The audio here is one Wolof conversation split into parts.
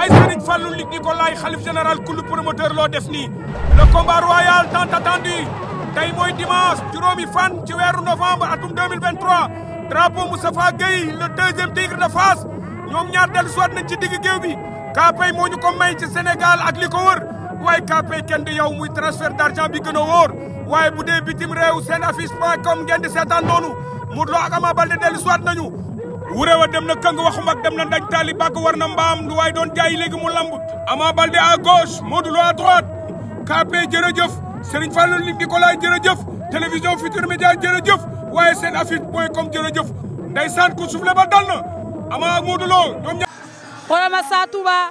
ay Serigne Fallou Luc Nicolaï xalif général kulub promoteur loo def nii le combat royal tant attendu tey mooy dimanche juróomi fan ci weeru novembre atum 2023 drapeau Moustapha Gueye le deuxième tigre de Fass ñoom ñaar dellu soit nañ ci digg géew bi Kaapay moo ñu ko may ci Sénégal ak li wër waaye Kaapay kenn du yow muy transfert d'argent bi gën a wóor waaye bu dee bitim réew seen affiche point com ngeen di seetaan noonu Modou Lo ak Ama Baldé dellu soit nañu wurewa dem na kang waxu dem na ndañ taali bàgg war na mbaam lu waay doon jaay léegi mu lamb Ama Baldé à gauche Modou Lo à jërëjëf Serigne Fallou li jërëjëf télévision Futurs Médias jërëjëf waaye seen affiche point com jërëjëf ndeysaan ku suuf ba dal na Ama ak Modou ña xoolal ma Sa Touba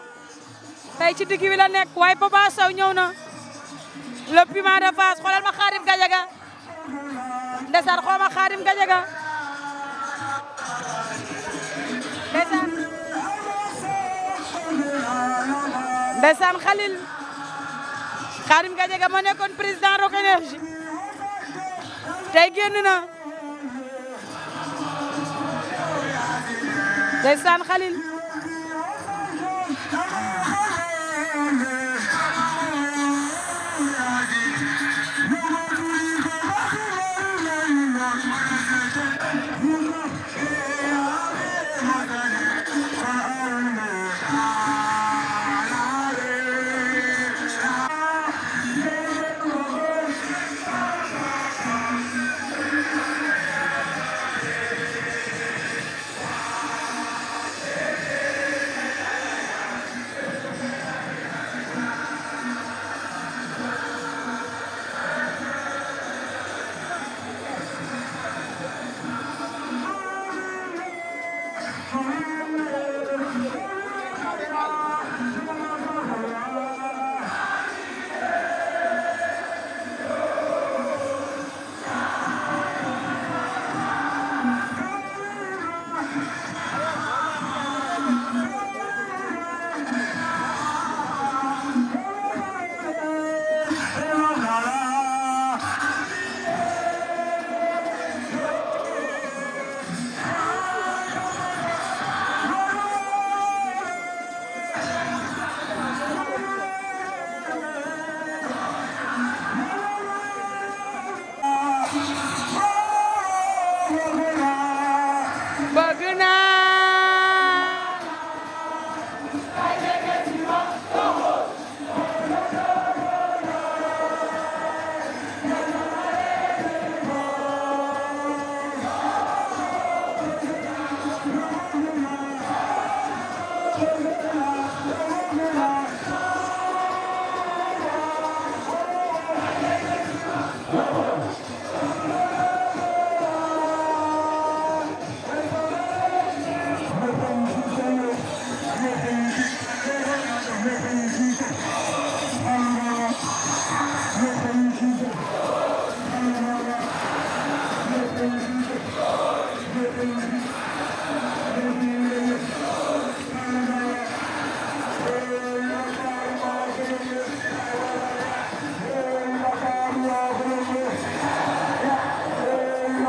tey ci digg nekk waaye Papa Sow ñëw na le piment de Fass xoolal ma Khadim Gadiaga ndeysaan xoolal ma Khadim Gadiaga ndeysaan ndeysaan Khalil Khadim Gadiaga moo nekkoon président Rock Énergie tey génn na ndeysaan Khalil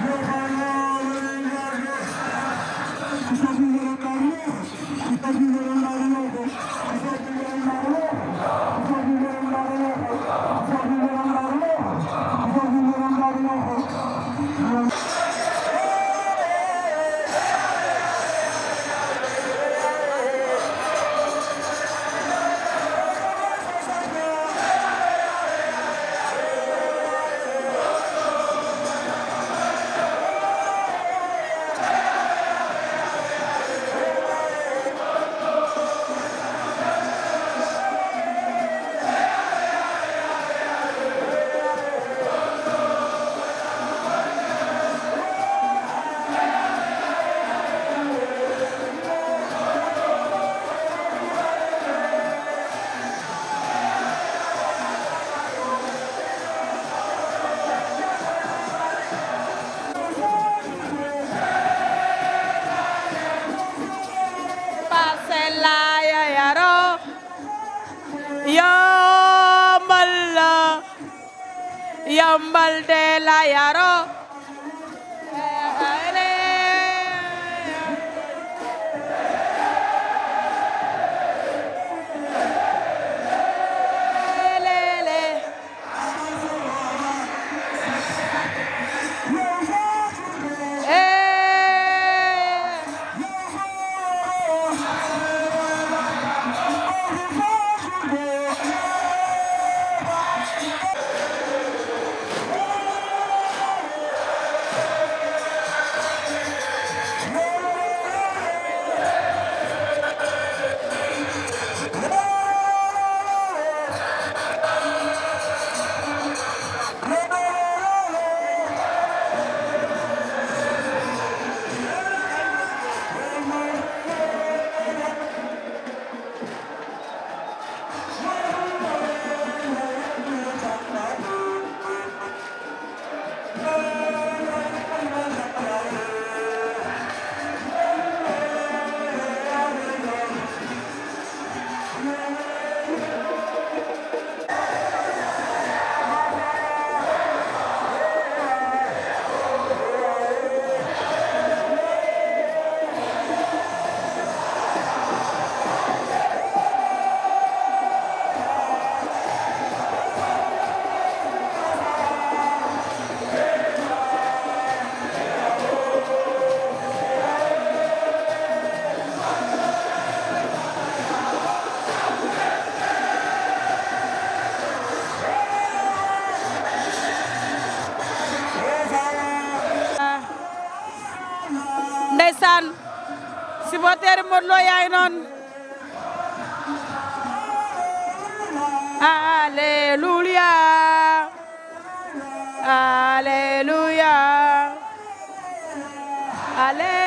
Thank you. yombal la yombal de la yaro supporter Modou Lo yaay noonu alléluia alléluia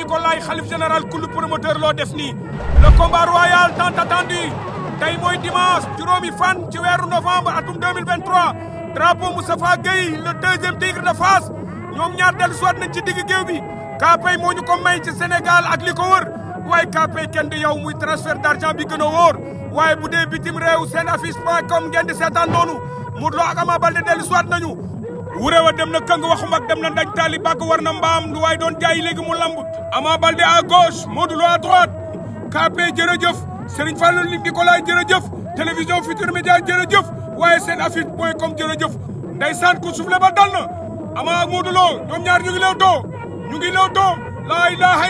Nicolaï xalif général kullu promoteur loo def nii le combat royal tant attendu tey mooy dimanche juróomi fan ci weeru novembre atum 2023 drapeau Moustapha Gueye le deuxième tigre de Fass ñoom ñaar dellu suwaat nañ ci digg géew bi Kaapay moo ñu ko may ci Sénégal ak li ko wër waaye Kaapay kenn di yow muy transfert d'argent bi gën a wóor waaye bu dee bitim réew seen affiche point com ngeen di seetaan noonu Modou Lo ak Ama Baldé dellu suwaat nañu wurewa dem na këng waxu dem na ndaj taali bàkk war na mbaam lu waay doon jaay léegi mu lamb Ama Baldé à gauche Modou Lo à droite KP jërëjëf Serigne Fallou Luc Nicolaï jërëjëf télévision Futurs Médias jërëjëf waaye seen affiche point com jërëjëf ndeysaan ku soufflé ba dal na Ama ak Modou ñoom ñaar ñu ngi leew too ñu ngi leew too